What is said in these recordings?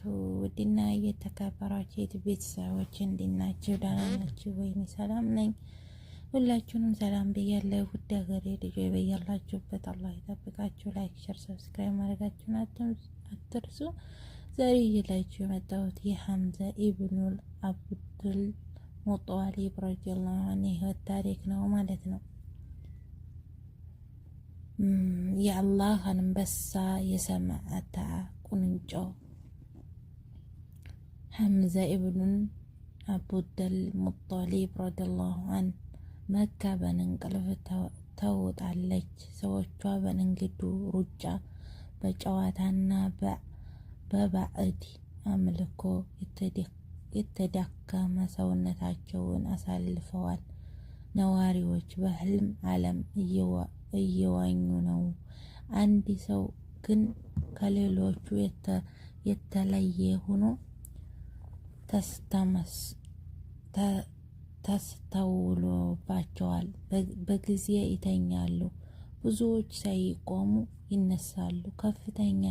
በረካቱ ውድና እየተከበራችሁ የት ቤተሰቦች እንዲናችሁ ደህና ናችሁ ወይም ሰላም ነኝ። ሁላችሁንም ሰላም ብያለሁ። ውድ ሀገሬ ልጆ በያላችሁበት አላህ ይጠብቃችሁ። ላይክ፣ ሸር፣ ሰብስክራይብ ማድረጋችሁን አትርሱ። ዛሬ ይዤላችሁ የመጣሁት የሐምዛ ኢብኑል አብዱል ሙጧሊብ ረዲየላሁ ዐንሁ የህይወት ታሪክ ነው ማለት ነው። የአላህ አንበሳ የሰማዕታ ቁንጮ ሐምዛ ኢብኑን አቡደል ሙጣሊብ ረዲያላሁ አን መካ በንንቅልፍ ተውጣለች። ሰዎቿ በንግዱ ሩጫ፣ በጨዋታና በባዕድ አምልኮ የተዳከመ ሰውነታቸውን አሳልፈዋል። ነዋሪዎች በህልም ዓለም እየዋኙ ነው። አንድ ሰው ግን ከሌሎቹ የተለየ ሆኖ ተስተውሎባቸዋል። በጊዜ ይተኛሉ፣ ብዙዎች ሳይቆሙ ይነሳሉ። ከፍተኛ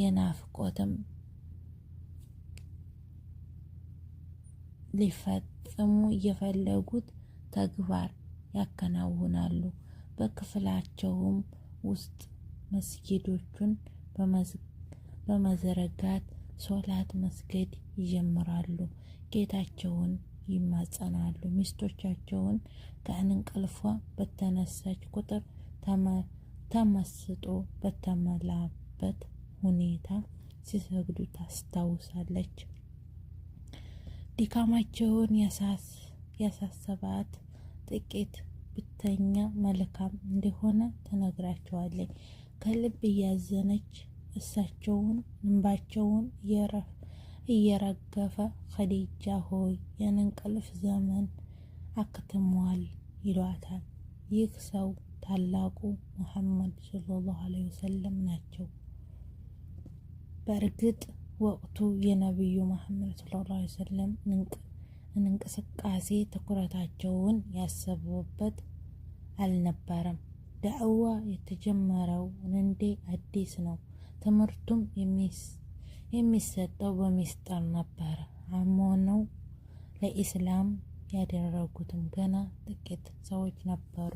የናፍቆትም ሊፈጽሙ የፈለጉት ተግባር ያከናውናሉ። በክፍላቸውም ውስጥ መስጊዶቹን በመዘረጋት ሶላት መስገድ ይጀምራሉ። ጌታቸውን ይማጸናሉ። ሚስቶቻቸውን ከእንቅልፏ በተነሳች ቁጥር ተመስጦ በተሞላበት ሁኔታ ሲሰግዱ ታስታውሳለች። ድካማቸውን ያሳሰባት ጥቂት ብተኛ መልካም እንደሆነ ተነግራቸዋለች። ከልብ እያዘነች እሳቸውን እንባቸውን እየረገፈ ኸዲጃ ሆይ የእንቅልፍ ዘመን አክትሟል ይሏታል። ይህ ሰው ታላቁ ሙሐመድ ሰለላሁ ዐለይሂ ወሰለም ናቸው። በእርግጥ ወቅቱ የነቢዩ መሐመድ ሰለላሁ ዐለይሂ ወሰለም እንቅስቃሴ ትኩረታቸውን ያሰቡበት አልነበረም። ዳዕዋ የተጀመረው እንዴ አዲስ ነው። ትምህርቱም የሚሰጠው በሚስጥር ነበረ። ነው ለኢስላም ያደረጉትም ገና ጥቂት ሰዎች ነበሩ።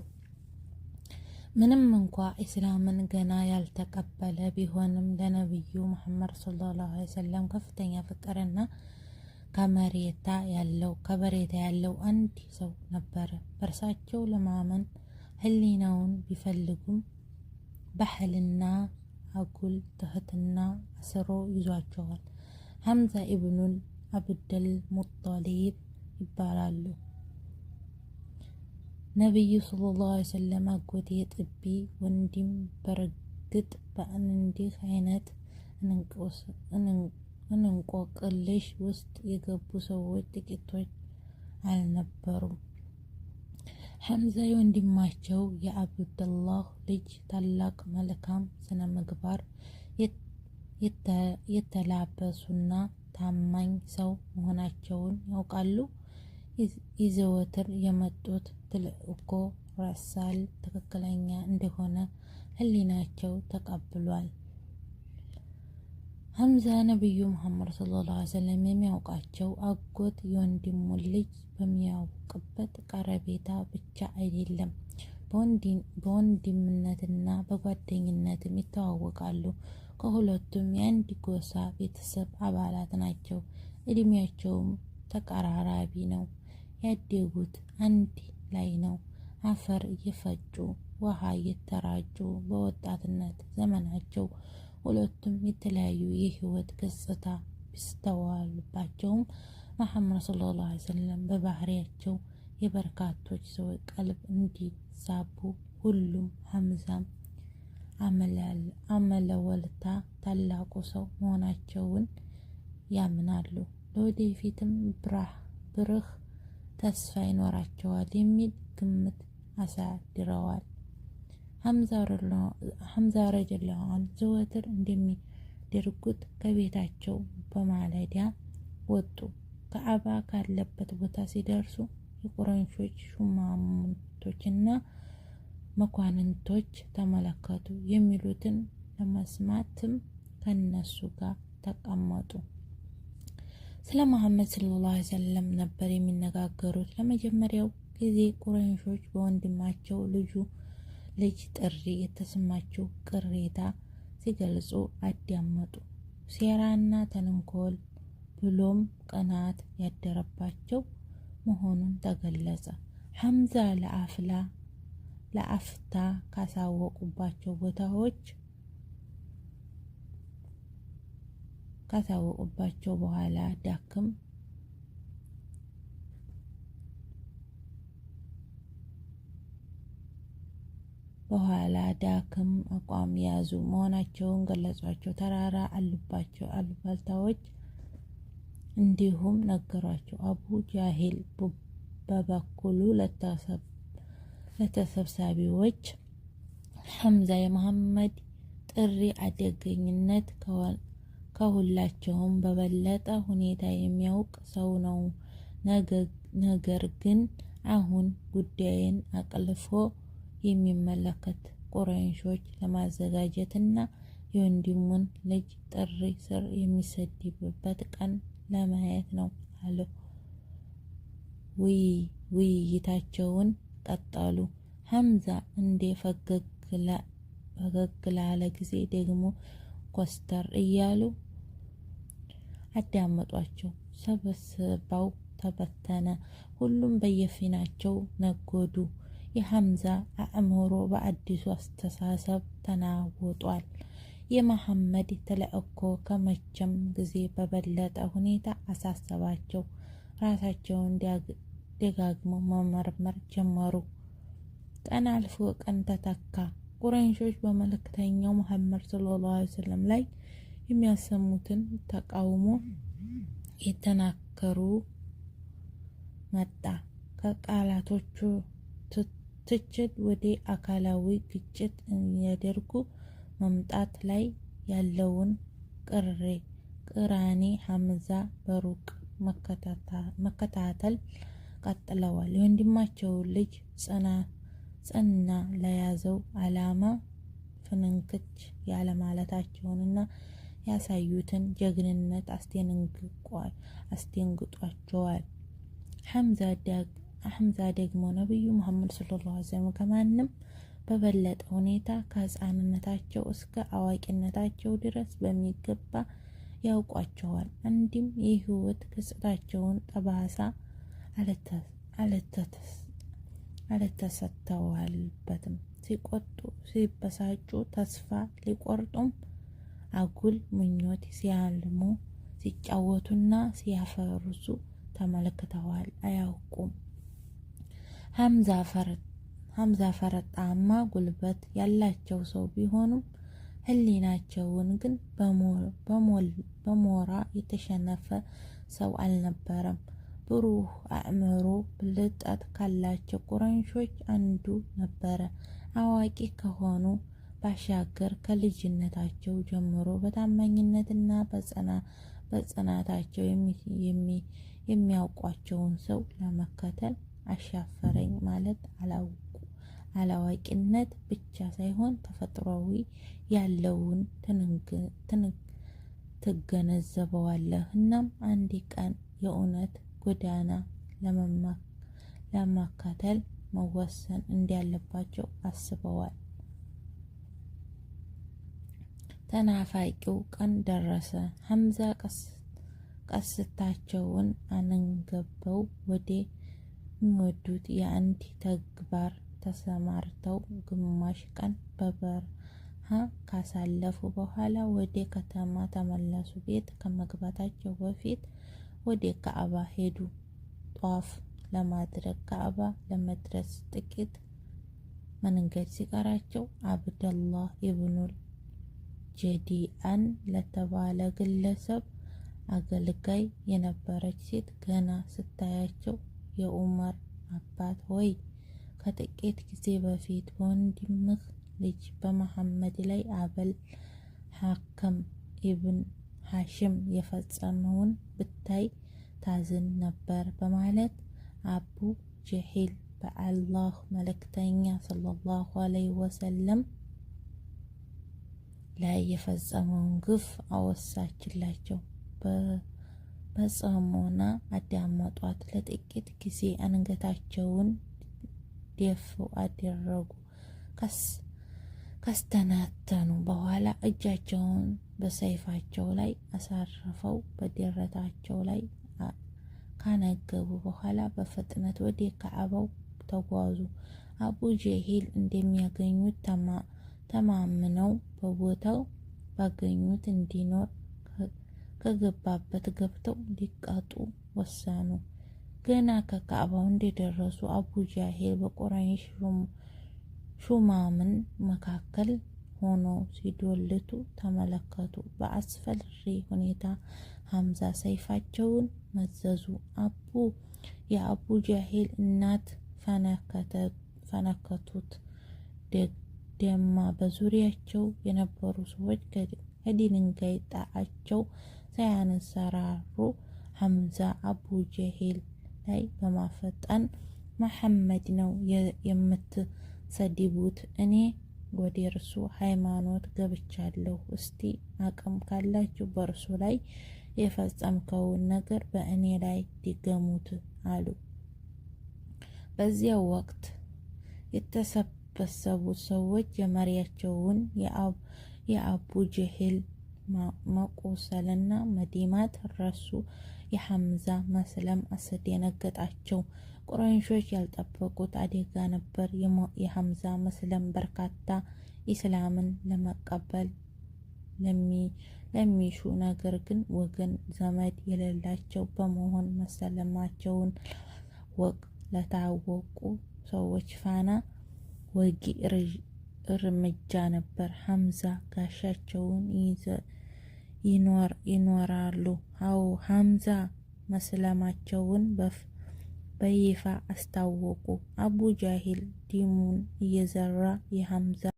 ምንም እንኳ ኢስላምን ገና ያልተቀበለ ቢሆንም ለነቢዩ መሐመድ ሰለላሁ ዐለይሂ ወሰለም ከፍተኛ ፍቅርና ከመሬታ ያለው ከበሬታ ያለው አንድ ሰው ነበረ። በእርሳቸው ለማመን ህሊናውን ቢፈልጉም ባህልና አጉል ትህትና አስሮ ይዟቸዋል። ሐምዛ ኢብኑን አብደል ሙጣሊብ ይባላሉ። ነቢዩ ሰለላሁ ዐለይሂ ወሰለም አጎቴ ጥቢ ወንድም በረግጥ በእንዲህ አይነት እንቆቅልሽ ውስጥ የገቡ ሰዎች ጥቂቶች አልነበሩም። ሐምዛ ወንድማቸው የአብዱላህ ልጅ ታላቅ መልካም ስነ ምግባር የተላበሱና ታማኝ ሰው መሆናቸውን ያውቃሉ። ይዘወትር የመጡት ተልዕኮ ረሳል ትክክለኛ እንደሆነ ህሊናቸው ተቀብሏል። ሀምዛ ነቢዩ መሐመድ ሰለላሁ ዐለይሂ ወሰለም የሚያውቃቸው አጎት የወንድሙ ልጅ በሚያውቅበት ቀረቤታ ብቻ አይደለም፣ በወንድምነትና በጓደኝነትም ይተዋወቃሉ። ከሁለቱም የአንድ ጎሳ ቤተሰብ አባላት ናቸው። እድሜያቸውም ተቀራራቢ ነው። ያደጉት አንድ ላይ ነው። አፈር እየፈጩ ውሃ እየተራጩ በወጣትነት ዘመናቸው ሁለቱም የተለያዩ የህይወት ገጽታ ቢስተዋልባቸውም መሐመድ ሰለላሁ ዐለይሂ ወሰለም በባህሪያቸው የበርካቶች ሰዎች ቀልብ እንዲዛቡ ሁሉም ሐምዛም አመለወልታ ታላቁ ሰው መሆናቸውን ያምናሉ። ለወደፊትም ብርህ ተስፋ ይኖራቸዋል የሚል ግምት አሳድረዋል። ሐምዛ ረዲየላሁ ዐንሁ ዘወትር እንደሚደርጉት ከቤታቸው በማለዳ ወጡ። ከአባ ካለበት ቦታ ሲደርሱ የቁረንሾች ሹማምንቶችና መኳንንቶች ተመለከቱ። የሚሉትን ለመስማትም ከነሱ ጋር ተቀመጡ። ስለ መሐመድ ሰለላሁ ዐለይሂ ወሰለም ነበር የሚነጋገሩት። ለመጀመሪያው ጊዜ ቁረንሾች በወንድማቸው ልጁ ልጅ ጥሪ የተሰማቸው ቅሬታ ሲገልጹ አዳመጡ። ሴራና ተንኮል ብሎም ቅናት ያደረባቸው መሆኑን ተገለጸ። ሐምዛ ለአፍላ ለአፍታ ካሳወቁባቸው ቦታዎች ካሳወቁባቸው በኋላ ዳክም በኋላ ዳክም አቋም ያዙ መሆናቸውን ገለጿቸው። ተራራ አሉባቸው አልባልታዎች እንዲሁም ነገሯቸው። አቡ ጃሂል በበኩሉ ለተሰብሳቢዎች ሐምዛ የመሐመድ ጥሪ አደገኝነት ከሁላቸውም በበለጠ ሁኔታ የሚያውቅ ሰው ነው። ነገር ግን አሁን ጉዳይን አቅልፎ የሚመለከት ቁረይሾች ለማዘጋጀት እና የወንድሙን ልጅ ጥሪ ስር የሚሰድብበት ቀን ለማየት ነው አለ። ውይይታቸውን ቀጠሉ። ሐምዛ እንደ ፈገግ ላለ ጊዜ ደግሞ ኮስተር እያሉ አዳመጧቸው። ሰበስባው ተበተነ። ሁሉም በየፊናቸው ነጎዱ። የሐምዛ አእምሮ በአዲሱ አስተሳሰብ ተናውጧል። የመሐመድ ተልዕኮ ከመቼም ጊዜ በበለጠ ሁኔታ አሳሰባቸው። ራሳቸውን ደጋግመው መመርመር ጀመሩ። ቀን አልፎ ቀን ተተካ። ቁረይሾች በመልእክተኛው መሐመድ ሰለላሁ ዐለይሂ ወሰለም ላይ የሚያሰሙትን ተቃውሞ የተናከሩ መጣ። ከቃላቶቹ ትችት ወደ አካላዊ ግጭት የሚያደርጉ መምጣት ላይ ያለውን ቅሬ ቅራኔ ሀምዛ በሩቅ መከታተል ቀጥለዋል። የወንድማቸው ልጅ ጽና ለያዘው አላማ ፍንንክች ያለማለታቸውንና ያሳዩትን ጀግንነት ሐምዛ ሀምዛ ሐምዛ ደግሞ ነቢዩ መሐመድ ሰለላሁ ዐለይሂ ወሰለም ከማንም በበለጠ ሁኔታ ከህፃንነታቸው እስከ አዋቂነታቸው ድረስ በሚገባ ያውቋቸዋል። አንድም የህይወት ገጽታቸውን ጠባሳ አልተሰተዋልበትም። ሲቆጡ፣ ሲበሳጩ፣ ተስፋ ሊቆርጡም አጉል ምኞት ሲያልሙ፣ ሲጫወቱና ሲያፈርሱ ተመልክተዋል። አያውቁም ሀምዛ ፈረጣማ ጉልበት ያላቸው ሰው ቢሆኑም ህሊናቸውን ግን በሞራ የተሸነፈ ሰው አልነበረም። ብሩህ አእምሮ፣ ብልጠት ካላቸው ቁረንሾች አንዱ ነበረ። አዋቂ ከሆኑ ባሻገር ከልጅነታቸው ጀምሮ በታማኝነትና በጽናታቸው የሚያውቋቸውን ሰው ለመከተል አሻፈረኝ ማለት አላዋቂነት ብቻ ሳይሆን ተፈጥሯዊ ያለውን ትገነዘበዋለህ። እናም አንድ ቀን የእውነት ጎዳና ለማካተል መወሰን እንዳለባቸው አስበዋል። ተናፋቂው ቀን ደረሰ። ሐምዛ ቀስታቸውን አነገበው ወደ የሚወዱት የአንድ ተግባር ተሰማርተው ግማሽ ቀን በበረሃ ካሳለፉ በኋላ ወደ ከተማ ተመለሱ። ቤት ከመግባታቸው በፊት ወደ ካዕባ ሄዱ ጧፍ ለማድረግ። ካዕባ ለመድረስ ጥቂት መንገድ ሲቀራቸው አብደላህ ኢብኑል ጀዲአን ለተባለ ግለሰብ አገልጋይ የነበረች ሴት ገና ስታያቸው የኡመር አባት ሆይ ከጥቂት ጊዜ በፊት በወንድምህ ልጅ በመሐመድ ላይ አበል ሐከም ኢብን ሐሽም የፈጸመውን ብታይ ታዝን ነበር በማለት አቡ ጀሂል በአላህ መልእክተኛ ሰለላሁ ዐለይሂ ወሰለም ላይ የፈጸመውን ግፍ አወሳችላቸው። በጽሞና አዳመጧት። ለጥቂት ጊዜ አንገታቸውን ደፍው አደረጉ። ካስተናተኑ በኋላ እጃቸውን በሰይፋቸው ላይ አሳርፈው በደረታቸው ላይ ካነገቡ በኋላ በፍጥነት ወደ ካዕባው ተጓዙ። አቡ ጀሂል እንደሚያገኙት ተማምነው በቦታው ባገኙት እንዲኖር ከገባበት ገብተው ሊቃጡ ወሰኑ። ገና ከካዕባው እንደደረሱ አቡ ጃሄል በቁረይሽ ሹማምን መካከል ሆኖ ሲዶልቱ ተመለከቱ። በአስፈሪ ሁኔታ ሀምዛ ሰይፋቸውን መዘዙ። አቡ የአቡ ጃሄል እናት ፈነከቱት። ደማ በዙሪያቸው የነበሩ ሰዎች ከድንጋይ ጣያቸው ሳያንሰራሩ ሐምዛ አቡ ጀሄል ላይ በማፈጠን መሐመድ ነው የምትሰድቡት? እኔ ወደ እርሱ ሃይማኖት ገብቻለሁ። እስቲ አቅም ካላችሁ በእርሱ ላይ የፈጸምከውን ነገር በእኔ ላይ ድገሙት አሉ። በዚያው ወቅት የተሰ የበሰቡት ሰዎች የመሪያቸውን የአቡ ጀህል መቆሰልና መዲማት ረሱ። የሐምዛ መስለም አስደነገጣቸው። ቁረንሾች ያልጠበቁት አደጋ ነበር። የሐምዛ መስለም በርካታ ኢስላምን ለመቀበል ለሚሹ ነገር ግን ወገን ዘመድ የሌላቸው በመሆን መሰለማቸውን ወቅ ለታወቁ ሰዎች ፋና ወጊ እርምጃ ነበር። ሐምዛ ጋሻቸውን ይኖራሉ። አዎ ሐምዛ መስለማቸውን በይፋ አስታወቁ። አቡ ጃሂል ዲሙን እየዘራ የሐምዛ